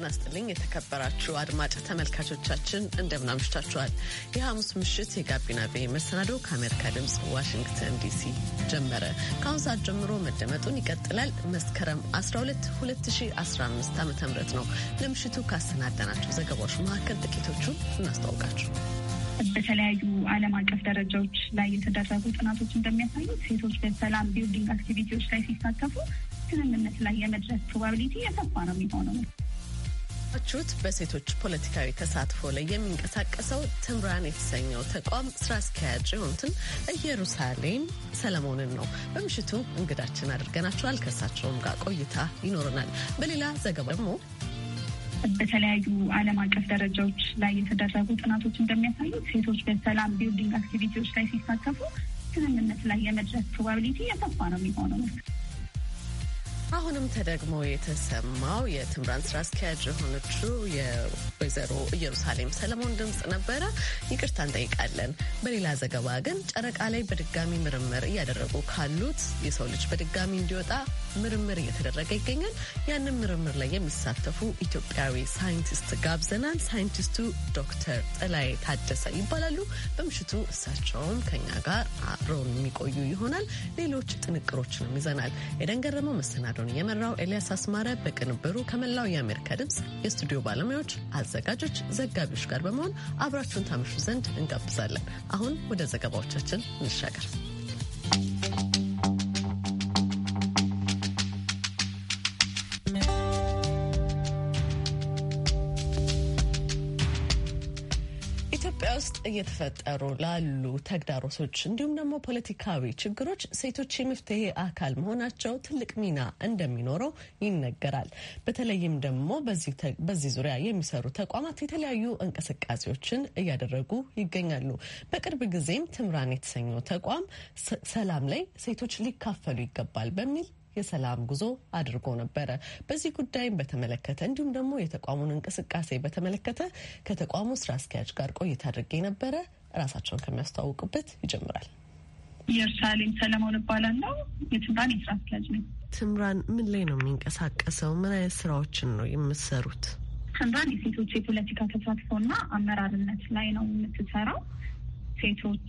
ጤና ስጥልኝ የተከበራችሁ አድማጭ ተመልካቾቻችን እንደምን አምሽታችኋል። የሐሙስ ምሽት የጋቢና ቤ መሰናዶ ከአሜሪካ ድምፅ ዋሽንግተን ዲሲ ጀመረ። ከአሁን ሰዓት ጀምሮ መደመጡን ይቀጥላል። መስከረም 12 2015 ዓ ም ነው። ለምሽቱ ካሰናዳናቸው ዘገባዎች መካከል ጥቂቶቹን እናስተዋውቃችሁ። በተለያዩ ዓለም አቀፍ ደረጃዎች ላይ የተደረጉ ጥናቶች እንደሚያሳዩት ሴቶች በሰላም ቢልዲንግ አክቲቪቲዎች ላይ ሲሳተፉ ስምምነት ላይ የመድረስ ፕሮባብሊቲ የሰፋ ነው የሚሆነው። ያደመጣችሁት በሴቶች ፖለቲካዊ ተሳትፎ ላይ የሚንቀሳቀሰው ትምራን የተሰኘው ተቋም ስራ አስኪያጅ የሆኑትን ኢየሩሳሌም ሰለሞንን ነው። በምሽቱ እንግዳችን አድርገናቸዋል። ከእሳቸውም ጋር ቆይታ ይኖረናል። በሌላ ዘገባ ደግሞ በተለያዩ ዓለም አቀፍ ደረጃዎች ላይ የተደረጉ ጥናቶች እንደሚያሳዩት ሴቶች በሰላም ቢልዲንግ አክቲቪቲዎች ላይ ሲሳተፉ ስምምነት ላይ የመድረስ ፕሮባብሊቲ የሰፋ ነው የሚሆነው። አሁንም ተደግሞ የተሰማው የትምራን ስራ አስኪያጅ የሆነችው የወይዘሮ ኢየሩሳሌም ሰለሞን ድምፅ ነበረ። ይቅርታ እንጠይቃለን። በሌላ ዘገባ ግን ጨረቃ ላይ በድጋሚ ምርምር እያደረጉ ካሉት የሰው ልጅ በድጋሚ እንዲወጣ ምርምር እየተደረገ ይገኛል። ያንን ምርምር ላይ የሚሳተፉ ኢትዮጵያዊ ሳይንቲስት ጋብዘናል። ሳይንቲስቱ ዶክተር ጥላይ ታደሰ ይባላሉ። በምሽቱ እሳቸውም ከኛ ጋር አብረውን የሚቆዩ ይሆናል። ሌሎች ጥንቅሮችንም ይዘናል። የደንገረመው መሰናዶ መሰናዶን የመራው ኤልያስ አስማረ በቅንብሩ ከመላው የአሜሪካ ድምፅ የስቱዲዮ ባለሙያዎች፣ አዘጋጆች፣ ዘጋቢዎች ጋር በመሆን አብራችሁን ታመሹ ዘንድ እንጋብዛለን። አሁን ወደ ዘገባዎቻችን እንሻገር። እየተፈጠሩ ላሉ ተግዳሮቶች እንዲሁም ደግሞ ፖለቲካዊ ችግሮች ሴቶች የመፍትሄ አካል መሆናቸው ትልቅ ሚና እንደሚኖረው ይነገራል። በተለይም ደግሞ በዚህ ዙሪያ የሚሰሩ ተቋማት የተለያዩ እንቅስቃሴዎችን እያደረጉ ይገኛሉ። በቅርብ ጊዜም ትምራን የተሰኘው ተቋም ሰላም ላይ ሴቶች ሊካፈሉ ይገባል በሚል የሰላም ጉዞ አድርጎ ነበረ። በዚህ ጉዳይም በተመለከተ እንዲሁም ደግሞ የተቋሙን እንቅስቃሴ በተመለከተ ከተቋሙ ስራ አስኪያጅ ጋር ቆይታ አድርጌ ነበረ። ራሳቸውን ከሚያስተዋውቅበት ይጀምራል። ኢየሩሳሌም ሰለሞን እባላለሁ። የትምራን የስራ አስኪያጅ ነኝ። ትምራን ምን ላይ ነው የሚንቀሳቀሰው? ምን አይነት ስራዎችን ነው የምትሰሩት? ትምራን የሴቶች የፖለቲካ ተሳትፎና አመራርነት ላይ ነው የምትሰራው። ሴቶች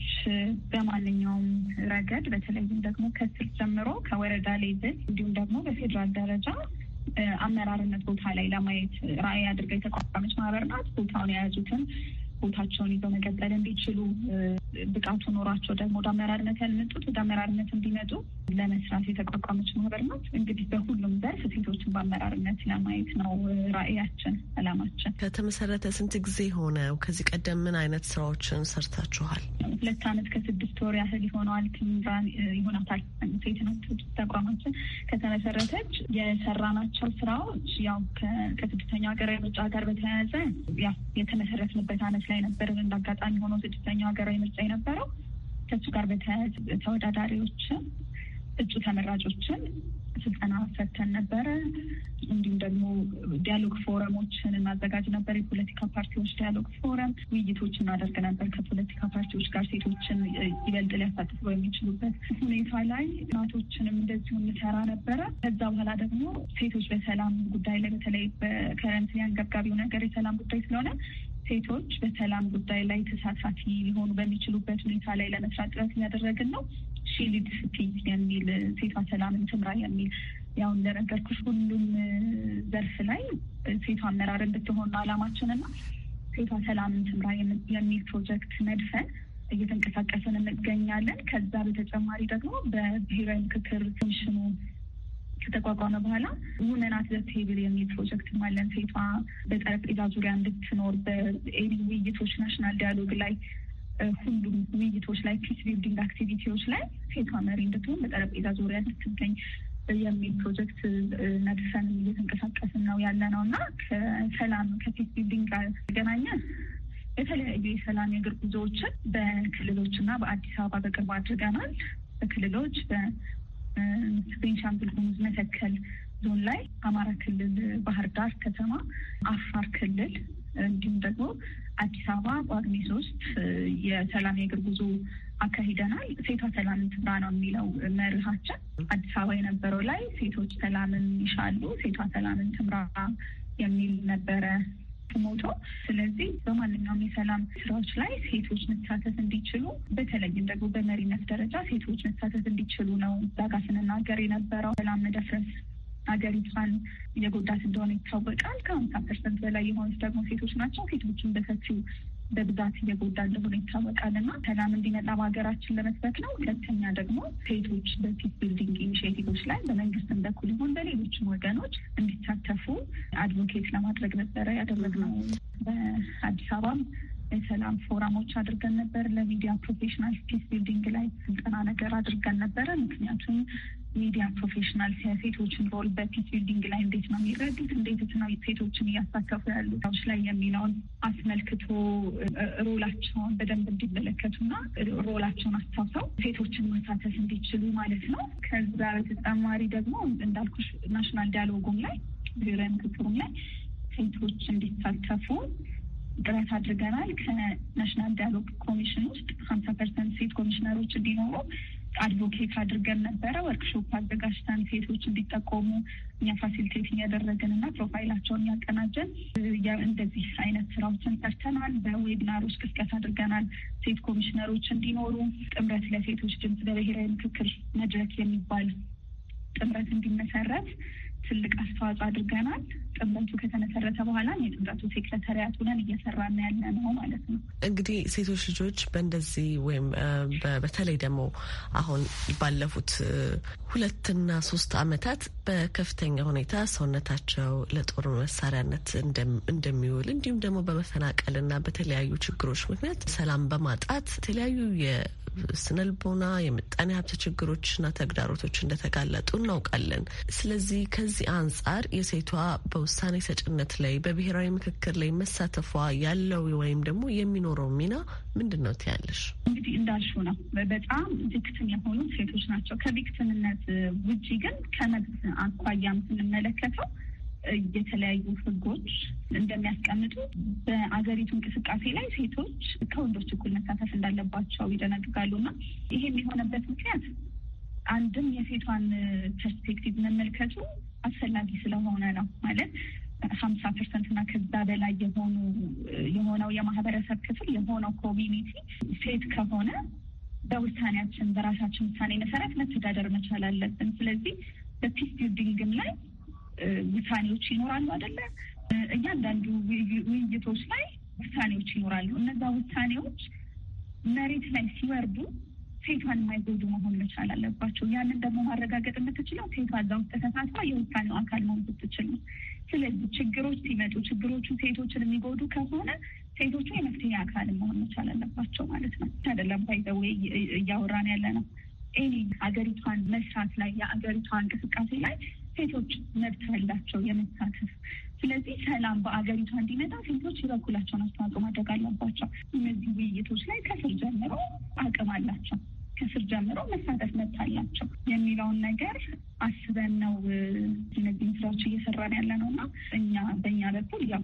በማንኛውም ረገድ በተለይም ደግሞ ከስር ጀምሮ ከወረዳ ሌቭል እንዲሁም ደግሞ በፌዴራል ደረጃ አመራርነት ቦታ ላይ ለማየት ራዕይ አድርጋ የተቋቋመች ማህበር ናት። ቦታውን የያዙትን ቦታቸውን ይዘው መቀጠል እንዲችሉ ብቃቱ ኖሯቸው ደግሞ ወደ አመራርነት ያልመጡት ወደ አመራርነት እንዲመጡ ለመስራት የተቋቋመች ማህበር ናት። እንግዲህ በሁሉም ዘርፍ ሴቶችን በአመራርነት ለማየት ነው ራዕያችን፣ አላማችን። ከተመሰረተ ስንት ጊዜ ሆነው? ከዚህ ቀደም ምን አይነት ስራዎችን ሰርታችኋል? ሁለት አመት ከስድስት ወር ያህል ይሆነዋል። ትምራን ይሆናታል ሴት ተቋማችን ከተመሰረተች የሰራናቸው ስራዎች ያው ከስድስተኛው ሀገራዊ ምርጫ ጋር በተያያዘ ያው የተመሰረትንበት አመት ላይ ነበር። እንዳጋጣሚ ሆኖ ስድስተኛው ሀገራዊ ምርጫ የነበረው ከሱ ጋር በተያያዘ ተወዳዳሪዎችን እጩ ተመራጮችን ስልጠና ሰጥተን ነበረ። እንዲሁም ደግሞ ዲያሎግ ፎረሞችን እናዘጋጅ ነበር። የፖለቲካ ፓርቲዎች ዲያሎግ ፎረም ውይይቶች እናደርግ ነበር ከፖለቲካ ፓርቲዎች ጋር ሴቶችን ይበልጥ ሊያሳትፉ የሚችሉበት ሁኔታ ላይ እናቶችንም እንደዚሁ እንሰራ ነበረ። ከዛ በኋላ ደግሞ ሴቶች በሰላም ጉዳይ ላይ በተለይ በከረንት አንገብጋቢው ነገር የሰላም ጉዳይ ስለሆነ ሴቶች በሰላም ጉዳይ ላይ ተሳታፊ ሊሆኑ በሚችሉበት ሁኔታ ላይ ለመስራት ጥረት እያደረግን ነው። ሺ ሊድስ ፒስ የሚል ሴቷ ሰላምን ትምራ የሚል ያው እንደነገርኩሽ ሁሉም ዘርፍ ላይ ሴቷ አመራር እንድትሆን አላማችን ሴቷ ሰላምን ትምራ የሚል ፕሮጀክት መድፈን እየተንቀሳቀስን እንገኛለን። ከዛ በተጨማሪ ደግሞ በብሔራዊ ምክክር ኮሚሽኑ ከተቋቋመ በኋላ ውመን አት ዘ ቴብል የሚል ፕሮጀክት አለን። ሴቷ በጠረጴዛ ዙሪያ እንድትኖር በኤኒ ውይይቶች፣ ናሽናል ዲያሎግ ላይ ሁሉም ውይይቶች ላይ ፒስ ቢልዲንግ አክቲቪቲዎች ላይ ሴቷ መሪ እንድትሆን በጠረጴዛ ዙሪያ እንድትገኝ የሚል ፕሮጀክት ነድፈን እየተንቀሳቀስን ነው ያለ ነው እና ከሰላም ከፒስ ቢልዲንግ ጋር ተገናኘ የተለያዩ የሰላም የእግር ጉዞዎችን በክልሎች እና በአዲስ አበባ በቅርቡ አድርገናል። በክልሎች ቤንሻንጉል ጉሙዝ መተከል ዞን ላይ፣ አማራ ክልል ባህር ዳር ከተማ፣ አፋር ክልል እንዲሁም ደግሞ አዲስ አበባ በጳጉሜ ሶስት የሰላም የእግር ጉዞ አካሂደናል። ሴቷ ሰላም ትምራ ነው የሚለው መርሃችን አዲስ አበባ የነበረው ላይ ሴቶች ሰላምን ይሻሉ ሴቷ ሰላምን ትምራ የሚል ነበረ ሞቷል። ስለዚህ በማንኛውም የሰላም ስራዎች ላይ ሴቶች መሳተፍ እንዲችሉ በተለይም ደግሞ በመሪነት ደረጃ ሴቶች መሳተፍ እንዲችሉ ነው ዛጋ ስንናገር የነበረው ሰላም መደፍረስ ሀገሪቷን የጎዳት እንደሆነ ይታወቃል። ከሀምሳ ፐርሰንት በላይ የሆኑት ደግሞ ሴቶች ናቸው። ሴቶችን በሰፊው በብዛት እየጎዳ እንደሆነ ይታወቃል እና ሰላም እንዲመጣ በሀገራችን ለመስበክ ነው። ሁለተኛ ደግሞ ሴቶች በፊት ቢልዲንግ ኢኒሽቲቭች ላይ በመንግስትም በኩል ይሁን በሌሎችም ወገኖች እንዲሳተፉ አድቮኬት ለማድረግ ነበረ ያደረግነው። በአዲስ አበባም የሰላም ፎረሞች አድርገን ነበር። ለሚዲያ ፕሮፌሽናል ፒስ ቢልዲንግ ላይ ስልጠና ነገር አድርገን ነበረ። ምክንያቱም ሚዲያ ፕሮፌሽናል ሴቶችን ሮል በፒስ ቢልዲንግ ላይ እንዴት ነው የሚረዱት፣ እንዴት ነው ሴቶችን እያሳተፉ ያሉ ዎች ላይ የሚለውን አስመልክቶ ሮላቸውን በደንብ እንዲመለከቱና ሮላቸውን አስታውሰው ሴቶችን መሳተፍ እንዲችሉ ማለት ነው። ከዛ በተጨማሪ ደግሞ እንዳልኩሽ ናሽናል ዲያሎጉም ላይ ብሔራዊ ምክክሩም ላይ ሴቶች እንዲሳተፉ ጥረት አድርገናል። ከናሽናል ዲያሎግ ኮሚሽን ውስጥ ሀምሳ ፐርሰንት ሴት ኮሚሽነሮች እንዲኖሩ አድቮኬት አድርገን ነበረ። ወርክሾፕ አዘጋጅተን ሴቶች እንዲጠቆሙ እኛ ፋሲሊቴት እያደረግን እና ፕሮፋይላቸውን ያቀናጀን እንደዚህ አይነት ስራዎችን ሰርተናል። በዌብናሮች ቅስቀሳ አድርገናል። ሴት ኮሚሽነሮች እንዲኖሩ ጥምረት ለሴቶች ድምፅ በብሔራዊ ምክክር መድረክ የሚባል ጥምረት እንዲመሰረት ትልቅ አስተዋጽኦ አድርገናል። ጥምረቱ ከተመሰረተ በኋላ የጥምረቱ ሴክረታሪያት ሆነን እየሰራን ያለ ነው ማለት ነው። እንግዲህ ሴቶች ልጆች በእንደዚህ ወይም በተለይ ደግሞ አሁን ባለፉት ሁለትና ሶስት አመታት በከፍተኛ ሁኔታ ሰውነታቸው ለጦር መሳሪያነት እንደሚውል እንዲሁም ደግሞ በመፈናቀልና በተለያዩ ችግሮች ምክንያት ሰላም በማጣት የተለያዩ ስነልቦና፣ የምጣኔ ሀብት ችግሮችና ተግዳሮቶች እንደተጋለጡ እናውቃለን። ስለዚህ ከዚህ አንጻር የሴቷ በውሳኔ ሰጭነት ላይ በብሔራዊ ምክክር ላይ መሳተፏ ያለው ወይም ደግሞ የሚኖረው ሚና ምንድን ነው ትያለሽ? እንግዲህ እንዳልሹ ነው። በጣም ቪክትም የሆኑ ሴቶች ናቸው። ከቪክትምነት ውጪ ግን ከመብት አኳያም ስንመለከተው የተለያዩ ህጎች እንደሚያስቀምጡ በአገሪቱ እንቅስቃሴ ላይ ሴቶች ከወንዶች እኩል መሳተፍ እንዳለባቸው ይደነግጋሉ እና ይሄም የሆነበት ምክንያት አንድም የሴቷን ፐርስፔክቲቭ መመልከቱ አስፈላጊ ስለሆነ ነው ማለት ሀምሳ ፐርሰንት እና ከዛ በላይ የሆኑ የሆነው የማህበረሰብ ክፍል የሆነው ኮሚኒቲ ሴት ከሆነ በውሳኔያችን በራሳችን ውሳኔ መሰረት መተዳደር መቻል አለብን። ስለዚህ በፒስ ቢልዲንግም ላይ ውሳኔዎች ይኖራሉ አይደለ? እያንዳንዱ ውይይቶች ላይ ውሳኔዎች ይኖራሉ። እነዛ ውሳኔዎች መሬት ላይ ሲወርዱ ሴቷን የማይጎዱ መሆን መቻል አለባቸው። ያንን ደግሞ ማረጋገጥ የምትችለው ሴቷ እዛ ውስጥ ተሳትፋ የውሳኔው አካል መሆን ስትችል ነው። ስለዚህ ችግሮች ሲመጡ ችግሮቹ ሴቶችን የሚጎዱ ከሆነ ሴቶቹ የመፍትሄ አካል መሆን መቻል አለባቸው ማለት ነው። አይደለም ባይዘው እያወራን ያለ ነው። ኤኒ ሀገሪቷን መስራት ላይ የሀገሪቷ እንቅስቃሴ ላይ ሴቶች መብት አላቸው የመሳተፍ። ስለዚህ ሰላም በአገሪቷ እንዲመጣ ሴቶች የበኩላቸውን አስተዋጽኦ ማድረግ አለባቸው። እነዚህ ውይይቶች ላይ ከስር ጀምሮ አቅም አላቸው ከስር ጀምሮ መሳተፍ መብት አላቸው የሚለውን ነገር አስበን ነው እነዚህን ስራዎች እየሰራን ያለ ነው እና እኛ በእኛ በኩል ያው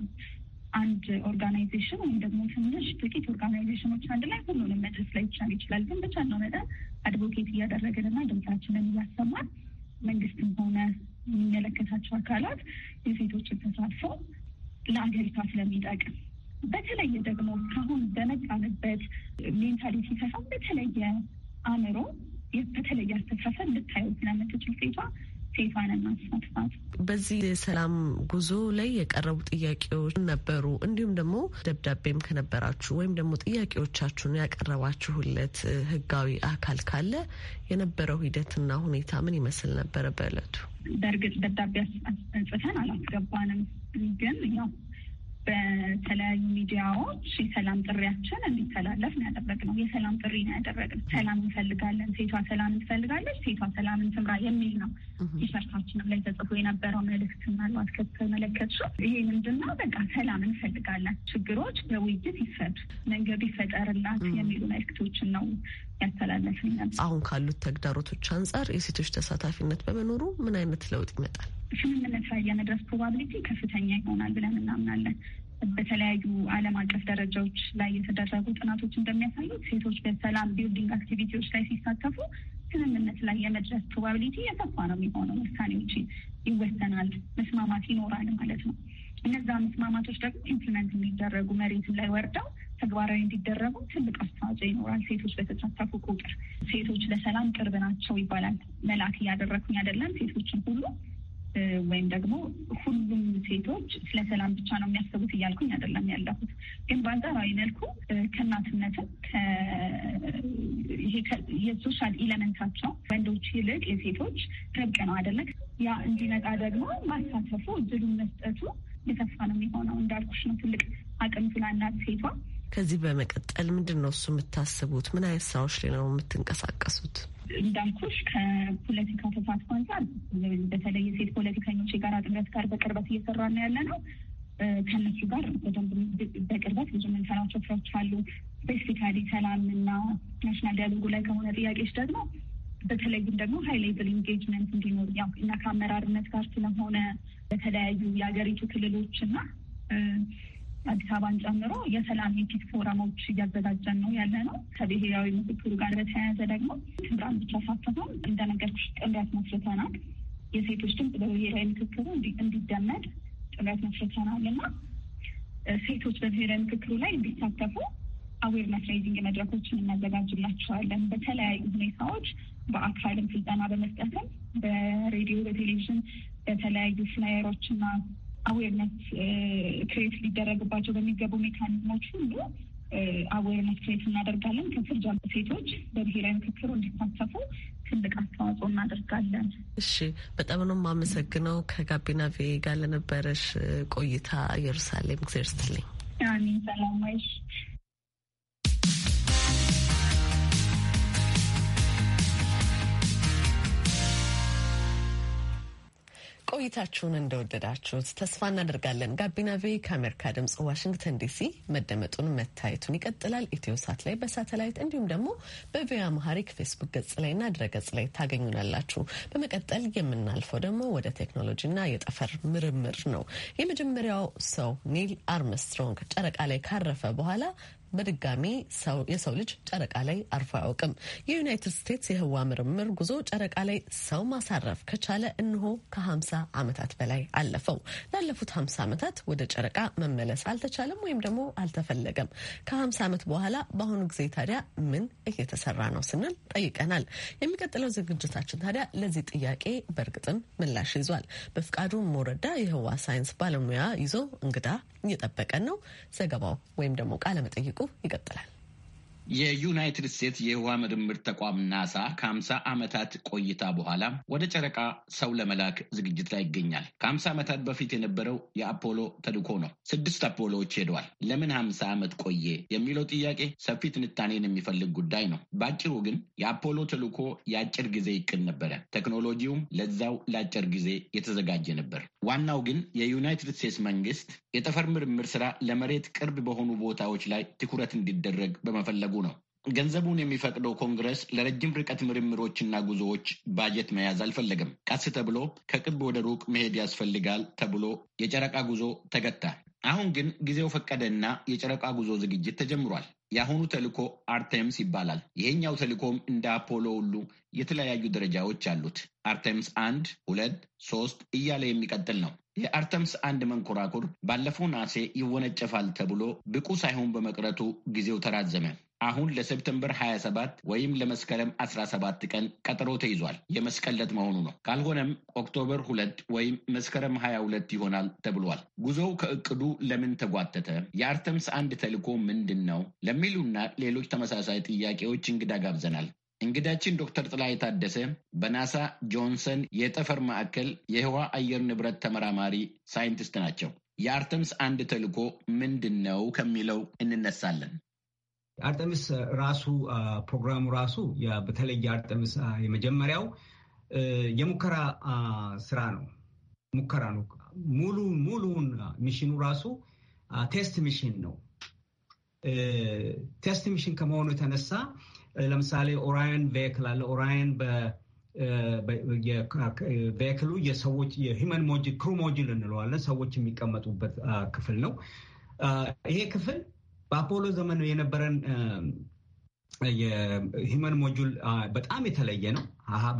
አንድ ኦርጋናይዜሽን ወይም ደግሞ ትንሽ ጥቂት ኦርጋናይዜሽኖች አንድ ላይ ሁሉንም መድረስ ላይ ይቻል ይችላል። ግን ብቻ ነው መጠን አድቮኬት እያደረግን እና ድምፃችንን እያሰማን መንግስትም ሆነ የሚመለከታቸው አካላት የሴቶችን ተሳትፎ ለአገሪቷ ስለሚጠቅም በተለየ ደግሞ እስካሁን በመጣንበት ሜንታሊቲ ሳይሆን በተለየ አእምሮ፣ በተለየ አስተሳሰብ ልታየው ስለምትችል ሴቷ በዚህ የሰላም ጉዞ ላይ የቀረቡ ጥያቄዎች ነበሩ። እንዲሁም ደግሞ ደብዳቤም ከነበራችሁ ወይም ደግሞ ጥያቄዎቻችሁን ያቀረባችሁለት ህጋዊ አካል ካለ የነበረው ሂደትና ሁኔታ ምን ይመስል ነበረ? በእለቱ በእርግጥ ደብዳቤ አስጽፈን አላስገባንም፣ ግን ያው በተለያዩ ሚዲያዎች የሰላም ጥሪያችን እንዲተላለፍ ያደረግ ነው የሰላም ጥሪ ነው ያደረግነው። ሰላም እንፈልጋለን፣ ሴቷ ሰላም እንፈልጋለች፣ ሴቷ ሰላም እንትምራ የሚል ነው ቲሸርታችንም ላይ ተጽፎ የነበረው መልእክት። ምናልባት ከተመለከትሽ ይሄ ምንድን ነው? በቃ ሰላም እንፈልጋለን፣ ችግሮች በውይይት ይፈቱ፣ መንገዱ ይፈጠርላት የሚሉ መልእክቶችን ነው ያስተላለፍኛል። አሁን ካሉት ተግዳሮቶች አንጻር የሴቶች ተሳታፊነት በመኖሩ ምን አይነት ለውጥ ይመጣል? ስምምነት ላይ የመድረስ ፕሮባብሊቲ ከፍተኛ ይሆናል ብለን እናምናለን። በተለያዩ ዓለም አቀፍ ደረጃዎች ላይ የተደረጉ ጥናቶች እንደሚያሳዩት ሴቶች በሰላም ቢልዲንግ አክቲቪቲዎች ላይ ሲሳተፉ ስምምነት ላይ የመድረስ ፕሮባብሊቲ የሰፋ ነው የሚሆነው። ውሳኔዎች ይወሰናል፣ መስማማት ይኖራል ማለት ነው። እነዛ መስማማቶች ደግሞ ኢምፕሊመንት የሚደረጉ መሬት ላይ ወርደው ተግባራዊ እንዲደረጉ ትልቅ አስተዋጽኦ ይኖራል። ሴቶች በተሳተፉ ቁጥር ሴቶች ለሰላም ቅርብ ናቸው ይባላል። መልአክ እያደረግኩኝ አይደለም። ሴቶችን ሁሉ ወይም ደግሞ ሁሉም ሴቶች ስለ ሰላም ብቻ ነው የሚያስቡት እያልኩኝ አይደለም ያለሁት። ግን በአንጻራዊ መልኩ ከእናትነትም የሶሻል ኢለመንታቸው ወንዶች ይልቅ የሴቶች ረብቅ ነው አይደለም። ያ እንዲመጣ ደግሞ ማሳተፉ እድሉን መስጠቱ የሰፋ ነው የሚሆነው። እንዳልኩሽ ነው ትልቅ አቅም ስላላት ሴቷ። ከዚህ በመቀጠል ምንድን ነው እሱ የምታስቡት? ምን አይነት ስራዎች ላይ ነው የምትንቀሳቀሱት? እንዳልኩሽ ከፖለቲካ ተሳትፎ አንጻር በተለይ ሴት ፖለቲከኞች የጋራ ጥምረት ጋር በቅርበት እየሰራ ነው ያለ ነው። ከነሱ ጋር በደንብ በቅርበት ብዙ የምንሰራቸው ስራዎች አሉ። ስፔሲፊካሊ ሰላም እና ናሽናል ዲያሎጉ ላይ ከሆነ ጥያቄዎች ደግሞ በተለይም ደግሞ ሀይ ሌቭል ኢንጌጅመንት እንዲኖር ያው ከአመራርነት ጋር ስለሆነ በተለያዩ የሀገሪቱ ክልሎች እና አዲስ አበባን ጨምሮ የሰላም የፊት ፎረሞች እያዘጋጀን ነው ያለ ነው። ከብሔራዊ ምክክሩ ጋር በተያያዘ ደግሞ ትምራን ብቻ ሳትሆን እንደነገርኩሽ ጥምረት መስርተናል። የሴቶች ድምፅ በብሔራዊ ምክክሩ እንዲደመድ ጥምረት መስርተናል እና ሴቶች በብሔራዊ ምክክሩ ላይ እንዲሳተፉ አዌርነስ ሬይዚንግ መድረኮችን እናዘጋጅላቸዋለን። በተለያዩ ሁኔታዎች በአካልም ስልጠና በመስጠትም በሬዲዮ፣ በቴሌቪዥን በተለያዩ ፍላየሮች እና አዌርነት ክሬት ሊደረግባቸው በሚገቡ ሜካኒዝሞች ሁሉ አዌርነት ክሬት እናደርጋለን። ከስር ጃሉ ሴቶች በብሔራዊ ምክክሩ እንዲሳተፉ ትልቅ አስተዋጽኦ እናደርጋለን። እሺ፣ በጣም ነው የማመሰግነው ከጋቢና ቪ ጋር ለነበረሽ ቆይታ ኢየሩሳሌም። እግዚአብሔር ይስጥልኝ። ቆይታችሁን እንደወደዳችሁት ተስፋ እናደርጋለን። ጋቢና ቪ ከአሜሪካ ድምጽ ዋሽንግተን ዲሲ መደመጡን መታየቱን ይቀጥላል። ኢትዮ ሳት ላይ በሳተላይት እንዲሁም ደግሞ በቪያ መሀሪክ ፌስቡክ ገጽ ላይና ድረ ገጽ ላይ ታገኙናላችሁ። በመቀጠል የምናልፈው ደግሞ ወደ ና የጠፈር ምርምር ነው። የመጀመሪያው ሰው ኒል አርምስትሮንግ ጨረቃ ላይ ካረፈ በኋላ በድጋሚ የሰው ልጅ ጨረቃ ላይ አርፎ አያውቅም። የዩናይትድ ስቴትስ የህዋ ምርምር ጉዞ ጨረቃ ላይ ሰው ማሳረፍ ከቻለ እንሆ ከ50 ዓመታት በላይ አለፈው። ላለፉት 50 ዓመታት ወደ ጨረቃ መመለስ አልተቻለም ወይም ደግሞ አልተፈለገም። ከ50 ዓመት በኋላ በአሁኑ ጊዜ ታዲያ ምን እየተሰራ ነው ስንል ጠይቀናል። የሚቀጥለው ዝግጅታችን ታዲያ ለዚህ ጥያቄ በእርግጥም ምላሽ ይዟል። በፍቃዱ ሞረዳ የህዋ ሳይንስ ባለሙያ ይዞ እንግዳ እየጠበቀን ነው። ዘገባው ወይም ደግሞ ቃለመጠይቁ ይቀጥላል። የዩናይትድ ስቴትስ የህዋ ምርምር ተቋም ናሳ ከ5ምሳ ዓመታት ቆይታ በኋላ ወደ ጨረቃ ሰው ለመላክ ዝግጅት ላይ ይገኛል። ምሳ ዓመታት በፊት የነበረው የአፖሎ ተልኮ ነው። ስድስት አፖሎዎች ሄደዋል። ለምን ሀምሳ ዓመት ቆየ የሚለው ጥያቄ ሰፊ ትንታኔን የሚፈልግ ጉዳይ ነው። በአጭሩ ግን የአፖሎ ተልኮ የአጭር ጊዜ ይቅን ነበረ። ቴክኖሎጂውም ለዛው ለአጭር ጊዜ የተዘጋጀ ነበር። ዋናው ግን የዩናይትድ ስቴትስ መንግስት የጠፈር ምርምር ስራ ለመሬት ቅርብ በሆኑ ቦታዎች ላይ ትኩረት እንዲደረግ በመፈለጉ ነው። ገንዘቡን የሚፈቅደው ኮንግረስ ለረጅም ርቀት ምርምሮችና ጉዞዎች ባጀት መያዝ አልፈለገም። ቀስ ተብሎ ከቅርብ ወደ ሩቅ መሄድ ያስፈልጋል ተብሎ የጨረቃ ጉዞ ተገታ። አሁን ግን ጊዜው ፈቀደና የጨረቃ ጉዞ ዝግጅት ተጀምሯል። የአሁኑ ተልእኮ አርቴምስ ይባላል። ይሄኛው ተልእኮም እንደ አፖሎ ሁሉ የተለያዩ ደረጃዎች አሉት። አርቴምስ አንድ፣ ሁለት፣ ሶስት እያለ የሚቀጥል ነው። የአርተምስ አንድ መንኮራኩር ባለፈው ነሐሴ ይወነጨፋል ተብሎ ብቁ ሳይሆን በመቅረቱ ጊዜው ተራዘመ። አሁን ለሴፕተምበር 27 ወይም ለመስከረም 17 ቀን ቀጠሮ ተይዟል። የመስቀለት መሆኑ ነው። ካልሆነም ኦክቶበር 2 ወይም መስከረም 22 ይሆናል ተብሏል። ጉዞው ከእቅዱ ለምን ተጓተተ? የአርተምስ አንድ ተልዕኮ ምንድን ነው? ለሚሉና ሌሎች ተመሳሳይ ጥያቄዎች እንግዳ ጋብዘናል። እንግዳችን ዶክተር ጥላይ ታደሰ በናሳ ጆንሰን የጠፈር ማዕከል የህዋ አየር ንብረት ተመራማሪ ሳይንቲስት ናቸው። የአርተምስ አንድ ተልዕኮ ምንድን ነው ከሚለው እንነሳለን። አርጠምስ ራሱ ፕሮግራሙ ራሱ በተለይ አርጠምስ የመጀመሪያው የሙከራ ስራ ነው። ሙከራ ነው። ሙሉ ሙሉውን ሚሽኑ ራሱ ቴስት ሚሽን ነው። ቴስት ሚሽን ከመሆኑ የተነሳ ለምሳሌ ኦራየን ቬክል አለ። ኦራየን ቬክሉ የሰዎች የሂመን ሞጅል ክሩ ሞጅል እንለዋለን። ሰዎች የሚቀመጡበት ክፍል ነው። ይሄ ክፍል በአፖሎ ዘመን የነበረን የሂመን ሞጁል በጣም የተለየ ነው።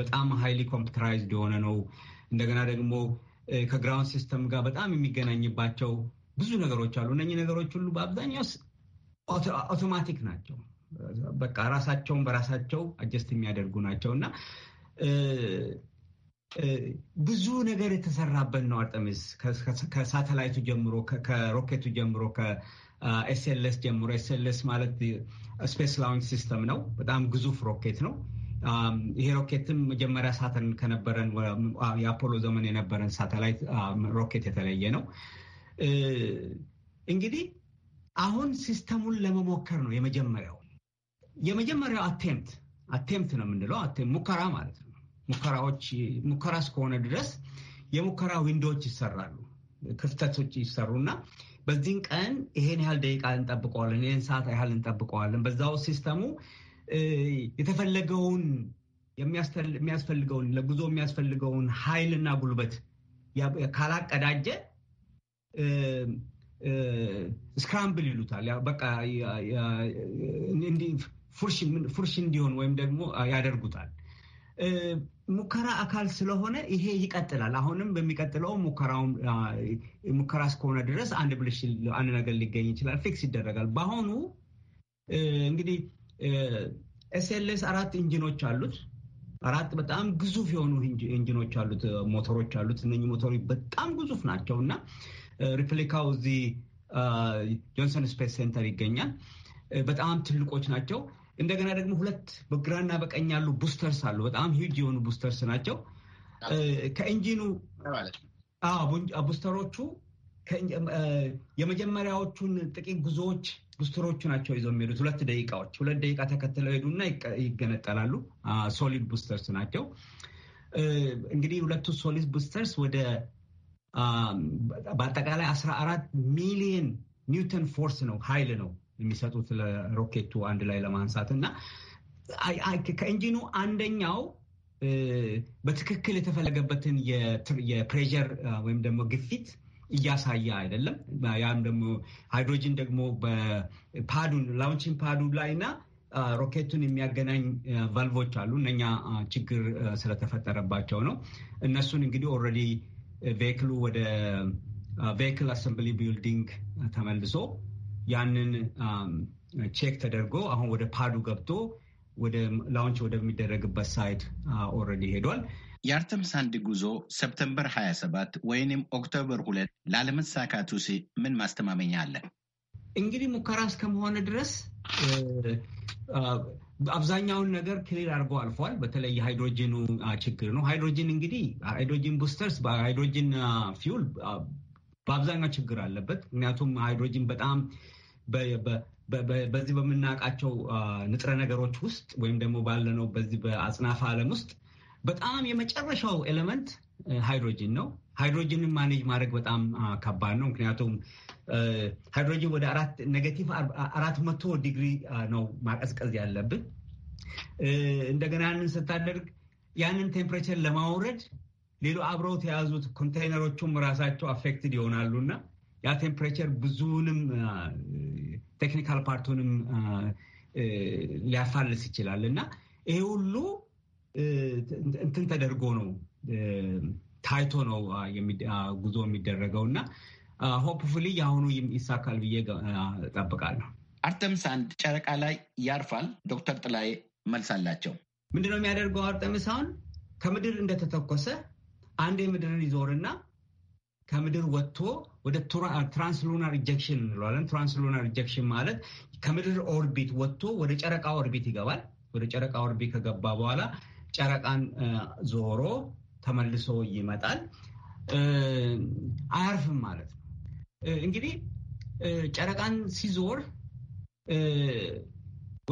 በጣም ሃይሊ ኮምፒውተራይዝድ የሆነ ነው። እንደገና ደግሞ ከግራውንድ ሲስተም ጋር በጣም የሚገናኝባቸው ብዙ ነገሮች አሉ። እነኚህ ነገሮች ሁሉ በአብዛኛው አውቶማቲክ ናቸው። በቃ ራሳቸውን በራሳቸው አጀስት የሚያደርጉ ናቸው እና ብዙ ነገር የተሰራበት ነው አርጠሚስ ከሳተላይቱ ጀምሮ ከሮኬቱ ጀምሮ ኤስኤልኤስ ጀምሮ ኤስኤልኤስ ማለት ስፔስ ላውንች ሲስተም ነው። በጣም ግዙፍ ሮኬት ነው። ይሄ ሮኬትም መጀመሪያ ሳተርን ከነበረን የአፖሎ ዘመን የነበረን ሳተላይት ሮኬት የተለየ ነው። እንግዲህ አሁን ሲስተሙን ለመሞከር ነው የመጀመሪያው የመጀመሪያው አቴምት አቴምት ነው የምንለው ሙከራ ማለት ነው። ሙከራዎች ሙከራ እስከሆነ ድረስ የሙከራ ዊንዶዎች ይሰራሉ፣ ክፍተቶች ይሰሩና በዚህን ቀን ይሄን ያህል ደቂቃ እንጠብቀዋለን፣ ይህን ሰዓት ያህል እንጠብቀዋለን። በዛው ሲስተሙ የተፈለገውን የሚያስፈልገውን ለጉዞ የሚያስፈልገውን ኃይልና ጉልበት ካላቀዳጀ ስክራምብል ይሉታል። በቃ ፉርሽ እንዲሆን ወይም ደግሞ ያደርጉታል። ሙከራ አካል ስለሆነ ይሄ ይቀጥላል። አሁንም በሚቀጥለው ሙከራውም ሙከራ እስከሆነ ድረስ አንድ ብልሽ አንድ ነገር ሊገኝ ይችላል፣ ፊክስ ይደረጋል። በአሁኑ እንግዲህ ኤስኤልኤስ አራት ኢንጂኖች አሉት። አራት በጣም ግዙፍ የሆኑ ኢንጂኖች አሉት፣ ሞተሮች አሉት። እነኚህ ሞተሮች በጣም ግዙፍ ናቸው እና ሪፕሊካው እዚህ ጆንሰን ስፔስ ሴንተር ይገኛል። በጣም ትልቆች ናቸው። እንደገና ደግሞ ሁለት በግራና በቀኝ ያሉ ቡስተርስ አሉ። በጣም ጅ የሆኑ ቡስተርስ ናቸው። ከኢንጂኑ ቡስተሮቹ የመጀመሪያዎቹን ጥቂት ጉዞዎች ቡስተሮቹ ናቸው ይዘው የሚሄዱት ሁለት ደቂቃዎች ሁለት ደቂቃ ተከትለው ሄዱና ይገነጠላሉ። ሶሊድ ቡስተርስ ናቸው። እንግዲህ ሁለቱ ሶሊድ ቡስተርስ ወደ በአጠቃላይ አስራ አራት ሚሊየን ኒውተን ፎርስ ነው ኃይል ነው የሚሰጡት ሮኬቱ አንድ ላይ ለማንሳት እና ከኢንጂኑ አንደኛው በትክክል የተፈለገበትን የፕሬር ወይም ደግሞ ግፊት እያሳየ አይደለም። ያም ደግሞ ሃይድሮጂን ደግሞ በፓዱን ላውንችን ፓዱ ላይ እና ሮኬቱን የሚያገናኝ ቫልቮች አሉ። እነኛ ችግር ስለተፈጠረባቸው ነው። እነሱን እንግዲህ ኦልሬዲ ቬክሉ ወደ ቬክል አሰምብሊ ቢልዲንግ ተመልሶ ያንን ቼክ um, ተደርጎ አሁን ወደ ፓዱ ገብቶ ወደ ላውንች ወደሚደረግበት ሳይት ኦልሬዲ uh, ሄዷል። የአርተምስ አንድ ጉዞ ሰፕተምበር 27 ወይንም ኦክቶበር ሁለት ላለመሳካቱስ ምን ማስተማመኛ አለ? እንግዲህ ሙከራ እስከመሆነ ድረስ uh, uh, አብዛኛውን ነገር ክሊር አድርጎ አልፏል። በተለይ የሃይድሮጂኑ ችግር ነው። ሃይድሮጂን እንግዲህ ሃይድሮጂን ቡስተርስ ሃይድሮጂን ፊውል በአብዛኛው ችግር አለበት። ምክንያቱም ሃይድሮጂን በጣም በዚህ በምናውቃቸው ንጥረ ነገሮች ውስጥ ወይም ደግሞ ባለነው በዚህ በአጽናፈ ዓለም ውስጥ በጣም የመጨረሻው ኤሌመንት ሃይድሮጂን ነው። ሃይድሮጂንን ማኔጅ ማድረግ በጣም ከባድ ነው። ምክንያቱም ሃይድሮጂን ወደ አራት ኔጌቲቭ አራት መቶ ዲግሪ ነው ማቀዝቀዝ ያለብን። እንደገና ያንን ስታደርግ ያንን ቴምፕሬቸር ለማውረድ ሌሎ አብረው ተያዙት ኮንቴይነሮቹም ራሳቸው አፌክትድ ይሆናሉና ያ ቴምፕሬቸር ብዙውንም ቴክኒካል ፓርቱንም ሊያፋልስ ይችላል እና ይሄ ሁሉ እንትን ተደርጎ ነው ታይቶ ነው ጉዞ የሚደረገው እና ሆፕፉሊ የአሁኑ ይሳካል ብዬ ጠብቃለሁ። አርተምስ አንድ ጨረቃ ላይ ያርፋል። ዶክተር ጥላይ መልስ አላቸው። ነው የሚያደርገው? አርተምስ አሁን ከምድር እንደተተኮሰ አንድ የምድርን ይዞርና ከምድር ወጥቶ ወደ ትራንስሉናር ኢንጀክሽን እንለዋለን። ትራንስሉናር ኢንጀክሽን ማለት ከምድር ኦርቢት ወጥቶ ወደ ጨረቃ ኦርቢት ይገባል። ወደ ጨረቃ ኦርቢት ከገባ በኋላ ጨረቃን ዞሮ ተመልሶ ይመጣል። አያርፍም ማለት ነው። እንግዲህ ጨረቃን ሲዞር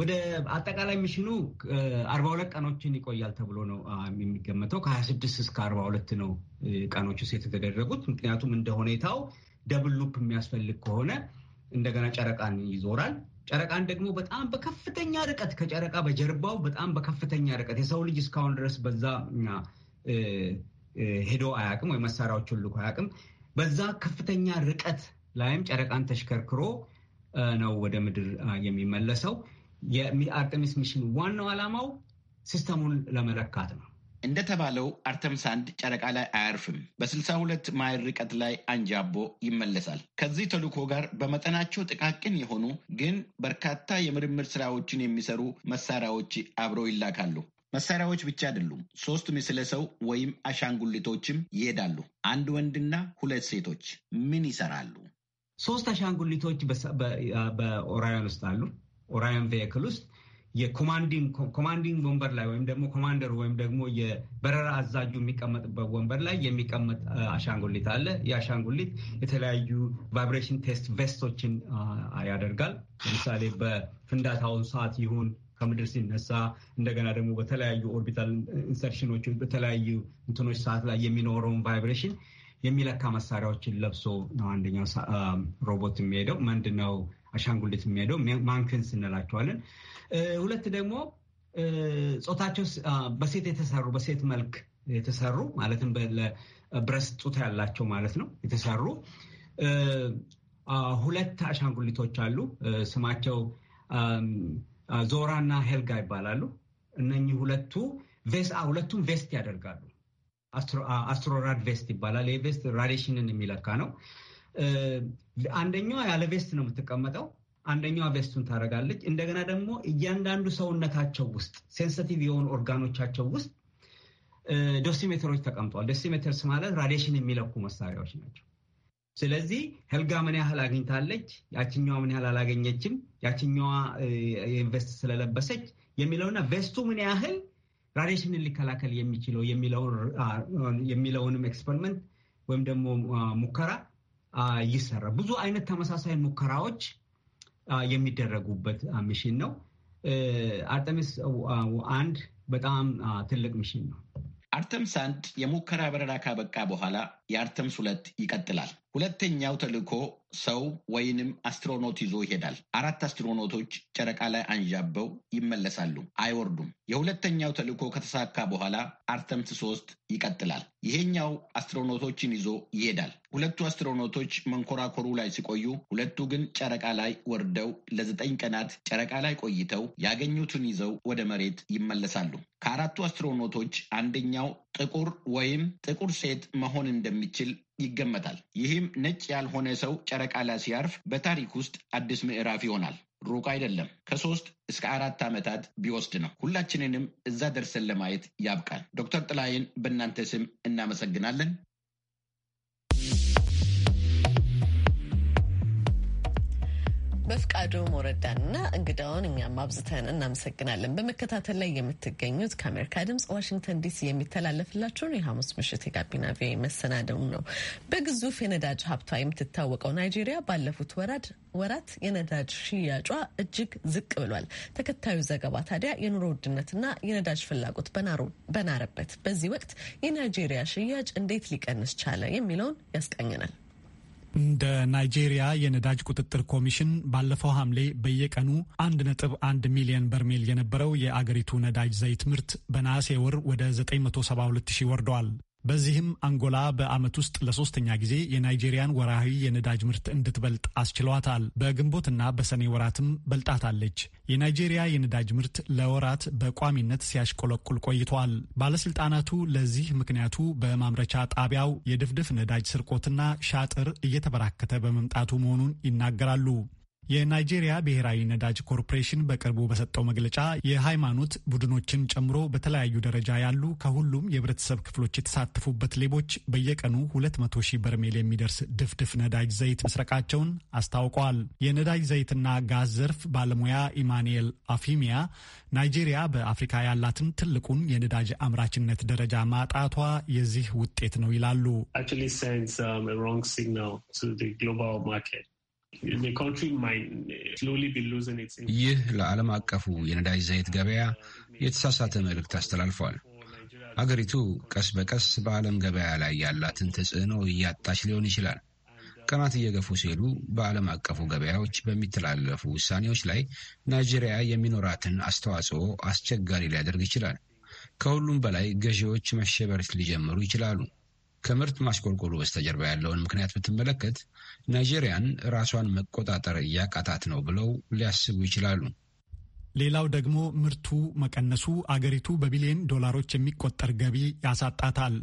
ወደ አጠቃላይ ሚሽኑ አርባ ሁለት ቀኖችን ይቆያል ተብሎ ነው የሚገመተው። ከሀያ ስድስት እስከ አርባ ሁለት ነው ቀኖች ውስጥ የተደረጉት። ምክንያቱም እንደ ሁኔታው ደብል ሉፕ የሚያስፈልግ ከሆነ እንደገና ጨረቃን ይዞራል። ጨረቃን ደግሞ በጣም በከፍተኛ ርቀት ከጨረቃ በጀርባው በጣም በከፍተኛ ርቀት የሰው ልጅ እስካሁን ድረስ በዛ ሄዶ አያውቅም፣ ወይ መሳሪያዎችን ልኮ አያውቅም። በዛ ከፍተኛ ርቀት ላይም ጨረቃን ተሽከርክሮ ነው ወደ ምድር የሚመለሰው። የአርጤሚስ ሚሽን ዋናው ዓላማው ሲስተሙን ለመለካት ነው። እንደተባለው አርተምስ አንድ ጨረቃ ላይ አያርፍም። በስልሳ ሁለት ማይል ርቀት ላይ አንጃቦ ይመለሳል። ከዚህ ተልእኮ ጋር በመጠናቸው ጥቃቅን የሆኑ ግን በርካታ የምርምር ስራዎችን የሚሰሩ መሳሪያዎች አብረው ይላካሉ። መሳሪያዎች ብቻ አይደሉም። ሶስት ምስለ ሰው ወይም አሻንጉሊቶችም ይሄዳሉ። አንድ ወንድና ሁለት ሴቶች ምን ይሰራሉ? ሶስት አሻንጉሊቶች በኦራዮን ውስጥ አሉ። ኦራዮን ቬይክል ውስጥ የኮማንዲንግ ወንበር ላይ ወይም ደግሞ ኮማንደሩ ወይም ደግሞ የበረራ አዛጁ የሚቀመጥበት ወንበር ላይ የሚቀመጥ አሻንጉሊት አለ። ይህ አሻንጉሊት የተለያዩ ቫይብሬሽን ቴስት ቬስቶችን ያደርጋል። ለምሳሌ በፍንዳታውን ሰዓት ይሁን ከምድር ሲነሳ እንደገና ደግሞ በተለያዩ ኦርቢታል ኢንሰርሽኖች በተለያዩ እንትኖች ሰዓት ላይ የሚኖረውን ቫይብሬሽን የሚለካ መሳሪያዎችን ለብሶ ነው አንደኛው ሮቦት የሚሄደው። ምንድነው አሻንጉሊት የሚሄደው ማንክን ስንላቸዋለን። ሁለት ደግሞ ጾታቸው በሴት የተሰሩ በሴት መልክ የተሰሩ ማለትም ብረስት ጡት ያላቸው ማለት ነው የተሰሩ ሁለት አሻንጉሊቶች አሉ። ስማቸው ዞራ እና ሄልጋ ይባላሉ። እነኚህ ሁለቱ ሁለቱም ቬስት ያደርጋሉ። አስትሮራድ ቬስት ይባላል። ይህ ራዲሽንን የሚለካ ነው። አንደኛዋ ያለ ቬስት ነው የምትቀመጠው። አንደኛዋ ቬስቱን ታደርጋለች። እንደገና ደግሞ እያንዳንዱ ሰውነታቸው ውስጥ ሴንስቲቭ የሆኑ ኦርጋኖቻቸው ውስጥ ዶሲሜተሮች ተቀምጠዋል። ዶሲሜተርስ ማለት ራዲሽን የሚለኩ መሳሪያዎች ናቸው። ስለዚህ ህልጋ ምን ያህል አግኝታለች፣ ያችኛዋ ምን ያህል አላገኘችም፣ ያችኛዋ ቬስት ስለለበሰች የሚለውና ቬስቱ ምን ያህል ራዲሽንን ሊከላከል የሚችለው የሚለውንም ኤክስፐሪመንት ወይም ደግሞ ሙከራ ይሰራ ብዙ አይነት ተመሳሳይ ሙከራዎች የሚደረጉበት ሚሽን ነው። አርተሚስ አንድ በጣም ትልቅ ሚሽን ነው። አርተምስ አንድ የሙከራ በረራ ካበቃ በኋላ የአርተምስ ሁለት ይቀጥላል። ሁለተኛው ተልእኮ ሰው ወይንም አስትሮኖት ይዞ ይሄዳል። አራት አስትሮኖቶች ጨረቃ ላይ አንዣበው ይመለሳሉ፣ አይወርዱም። የሁለተኛው ተልእኮ ከተሳካ በኋላ አርተምስ ሶስት ይቀጥላል። ይሄኛው አስትሮኖቶችን ይዞ ይሄዳል። ሁለቱ አስትሮኖቶች መንኮራኮሩ ላይ ሲቆዩ፣ ሁለቱ ግን ጨረቃ ላይ ወርደው ለዘጠኝ ቀናት ጨረቃ ላይ ቆይተው ያገኙትን ይዘው ወደ መሬት ይመለሳሉ። ከአራቱ አስትሮኖቶች አንደኛው ጥቁር ወይም ጥቁር ሴት መሆን እንደ እንደሚችል ይገመታል። ይህም ነጭ ያልሆነ ሰው ጨረቃ ላይ ሲያርፍ በታሪክ ውስጥ አዲስ ምዕራፍ ይሆናል። ሩቅ አይደለም። ከሶስት እስከ አራት ዓመታት ቢወስድ ነው። ሁላችንንም እዛ ደርሰን ለማየት ያብቃል። ዶክተር ጥላይን በእናንተ ስም እናመሰግናለን። በፍቃዱ መረዳንና እንግዳውን እኛም አብዝተን እናመሰግናለን። በመከታተል ላይ የምትገኙት ከአሜሪካ ድምጽ ዋሽንግተን ዲሲ የሚተላለፍላችሁን የሐሙስ ምሽት የጋቢና ቪ መሰናደው ነው። በግዙፍ የነዳጅ ሀብቷ የምትታወቀው ናይጄሪያ ባለፉት ወራድ ወራት የነዳጅ ሽያጯ እጅግ ዝቅ ብሏል። ተከታዩ ዘገባ ታዲያ የኑሮ ውድነትና የነዳጅ ፍላጎት በናረበት በዚህ ወቅት የናይጄሪያ ሽያጭ እንዴት ሊቀንስ ቻለ የሚለውን ያስቀኝናል። እንደ ናይጄሪያ የነዳጅ ቁጥጥር ኮሚሽን ባለፈው ሐምሌ በየቀኑ 1.1 ሚሊዮን በርሜል የነበረው የአገሪቱ ነዳጅ ዘይት ምርት በነሐሴ ወር ወደ 972 ሺህ ወርደዋል። በዚህም አንጎላ በዓመት ውስጥ ለሶስተኛ ጊዜ የናይጄሪያን ወርሃዊ የነዳጅ ምርት እንድትበልጥ አስችሏታል። በግንቦትና በሰኔ ወራትም በልጣታለች። የናይጄሪያ የነዳጅ ምርት ለወራት በቋሚነት ሲያሽቆለቁል ቆይቷል። ባለስልጣናቱ ለዚህ ምክንያቱ በማምረቻ ጣቢያው የድፍድፍ ነዳጅ ስርቆትና ሻጥር እየተበራከተ በመምጣቱ መሆኑን ይናገራሉ። የናይጄሪያ ብሔራዊ ነዳጅ ኮርፖሬሽን በቅርቡ በሰጠው መግለጫ የሃይማኖት ቡድኖችን ጨምሮ በተለያዩ ደረጃ ያሉ ከሁሉም የህብረተሰብ ክፍሎች የተሳተፉበት ሌቦች በየቀኑ 200 ሺህ በርሜል የሚደርስ ድፍድፍ ነዳጅ ዘይት መስረቃቸውን አስታውቀዋል። የነዳጅ ዘይትና ጋዝ ዘርፍ ባለሙያ ኢማንኤል አፊሚያ ናይጄሪያ በአፍሪካ ያላትን ትልቁን የነዳጅ አምራችነት ደረጃ ማጣቷ የዚህ ውጤት ነው ይላሉ። Eh, ይህ ለዓለም አቀፉ የነዳጅ ዘይት ገበያ የተሳሳተ መልእክት አስተላልፏል። አገሪቱ ቀስ በቀስ በዓለም ገበያ ላይ ያላትን ተጽዕኖ እያጣች ሊሆን ይችላል። ቀናት እየገፉ ሲሄዱ በዓለም አቀፉ ገበያዎች በሚተላለፉ ውሳኔዎች ላይ ናይጄሪያ የሚኖራትን አስተዋጽኦ አስቸጋሪ ሊያደርግ ይችላል። ከሁሉም በላይ ገዢዎች መሸበር ሊጀምሩ ይችላሉ። ከምርት ማሽቆልቆሉ በስተጀርባ ያለውን ምክንያት ብትመለከት ናይጄሪያን ራሷን መቆጣጠር እያቃታት ነው ብለው ሊያስቡ ይችላሉ። ሌላው ደግሞ ምርቱ መቀነሱ አገሪቱ በቢሊዮን ዶላሮች የሚቆጠር ገቢ ያሳጣታል።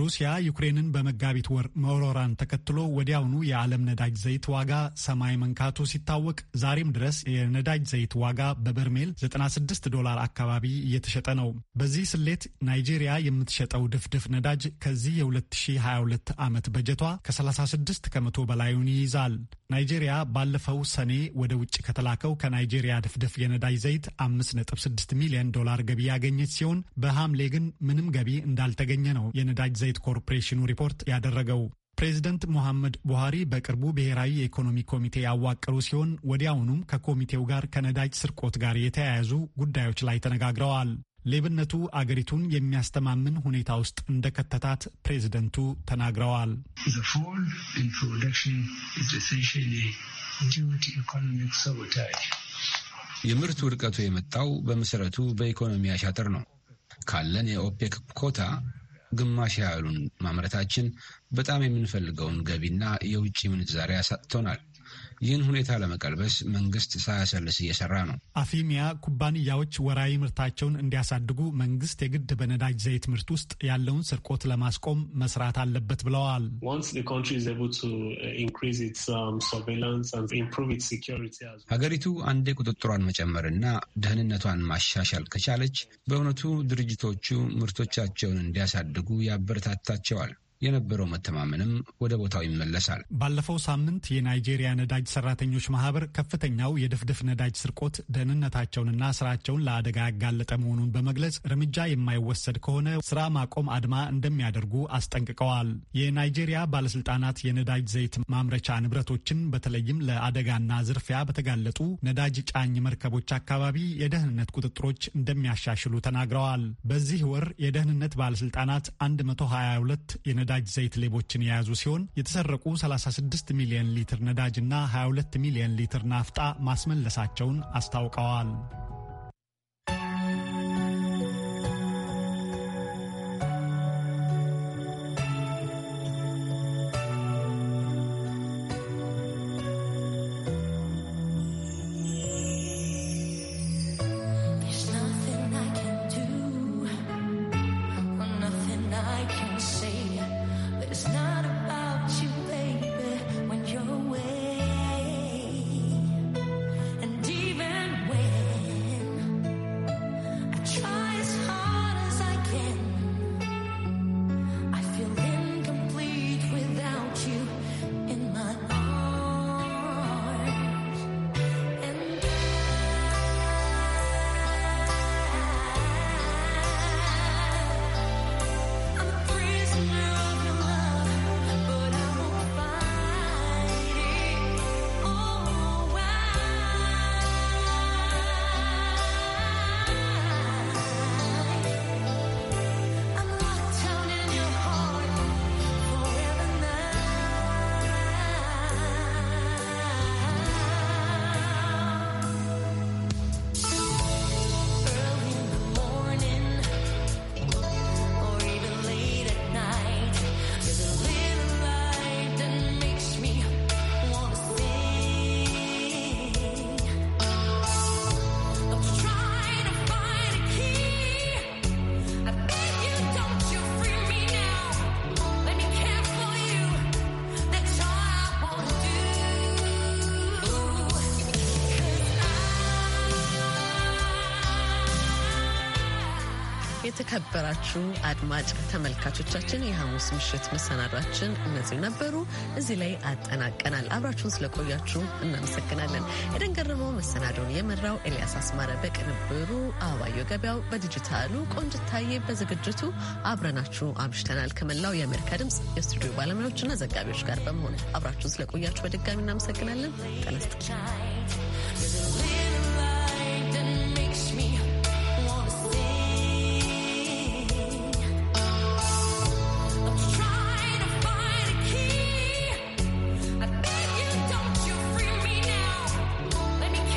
ሩሲያ ዩክሬንን በመጋቢት ወር መሮራን ተከትሎ ወዲያውኑ የዓለም ነዳጅ ዘይት ዋጋ ሰማይ መንካቱ ሲታወቅ ዛሬም ድረስ የነዳጅ ዘይት ዋጋ በበርሜል 96 ዶላር አካባቢ እየተሸጠ ነው። በዚህ ስሌት ናይጄሪያ የምትሸጠው ድፍድፍ ነዳጅ ከዚህ የ2022 ዓመት በጀቷ ከ36 ከመቶ በላዩን ይይዛል። ናይጄሪያ ባለፈው ሰኔ ወደ ውጭ ከተላከው ከናይጄሪያ ድፍድፍ የነዳጅ ዘይት 5.6 ሚሊዮን ዶላር ገቢ ያገኘች ሲሆን በሐምሌ ግን ምንም ገቢ እንዳልተገኘ ነው የነዳጅ ዘይት ኮርፖሬሽኑ ሪፖርት ያደረገው። ፕሬዚደንት ሞሐመድ ቡሃሪ በቅርቡ ብሔራዊ የኢኮኖሚ ኮሚቴ ያዋቀሩ ሲሆን ወዲያውኑም ከኮሚቴው ጋር ከነዳጅ ስርቆት ጋር የተያያዙ ጉዳዮች ላይ ተነጋግረዋል። ሌብነቱ አገሪቱን የሚያስተማምን ሁኔታ ውስጥ እንደከተታት ፕሬዚደንቱ ተናግረዋል። የምርት ውድቀቱ የመጣው በመሰረቱ በኢኮኖሚ አሻጥር ነው። ካለን የኦፔክ ኮታ ግማሽ ያህሉን ማምረታችን በጣም የምንፈልገውን ገቢና የውጭ ምንዛሪ አሳጥቶናል። ይህን ሁኔታ ለመቀልበስ መንግስት ሳያሰልስ እየሰራ ነው። አፊሚያ ኩባንያዎች ወራዊ ምርታቸውን እንዲያሳድጉ መንግስት የግድ በነዳጅ ዘይት ምርት ውስጥ ያለውን ስርቆት ለማስቆም መስራት አለበት ብለዋል። uh, um, ሀገሪቱ አንዴ ቁጥጥሯን መጨመርና ደህንነቷን ማሻሻል ከቻለች በእውነቱ ድርጅቶቹ ምርቶቻቸውን እንዲያሳድጉ ያበረታታቸዋል። የነበረው መተማመንም ወደ ቦታው ይመለሳል። ባለፈው ሳምንት የናይጄሪያ ነዳጅ ሰራተኞች ማህበር ከፍተኛው የድፍድፍ ነዳጅ ስርቆት ደህንነታቸውንና ስራቸውን ለአደጋ ያጋለጠ መሆኑን በመግለጽ እርምጃ የማይወሰድ ከሆነ ስራ ማቆም አድማ እንደሚያደርጉ አስጠንቅቀዋል። የናይጄሪያ ባለስልጣናት የነዳጅ ዘይት ማምረቻ ንብረቶችን በተለይም ለአደጋና ዝርፊያ በተጋለጡ ነዳጅ ጫኝ መርከቦች አካባቢ የደህንነት ቁጥጥሮች እንደሚያሻሽሉ ተናግረዋል። በዚህ ወር የደህንነት ባለስልጣናት 122 የነዳ የነዳጅ ዘይት ሌቦችን የያዙ ሲሆን የተሰረቁ 36 ሚሊዮን ሊትር ነዳጅና 22 ሚሊዮን ሊትር ናፍጣ ማስመለሳቸውን አስታውቀዋል። የተከበራችሁ አድማጭ ተመልካቾቻችን የሐሙስ ምሽት መሰናዷችን እነዚህ ነበሩ። እዚህ ላይ አጠናቀናል። አብራችሁን ስለቆያችሁ እናመሰግናለን። ኤደን ገረመው መሰናዶውን የመራው፣ ኤልያስ አስማረ በቅንብሩ፣ አበባየሁ ገበያው በዲጂታሉ፣ ቆንጅታዬ በዝግጅቱ አብረናችሁ አምሽተናል። ከመላው የአሜሪካ ድምፅ የስቱዲዮ ባለሙያዎችና ዘጋቢዎች ጋር በመሆን አብራችሁን ስለቆያችሁ በድጋሚ እናመሰግናለን። ጤና ይስጥልኝ።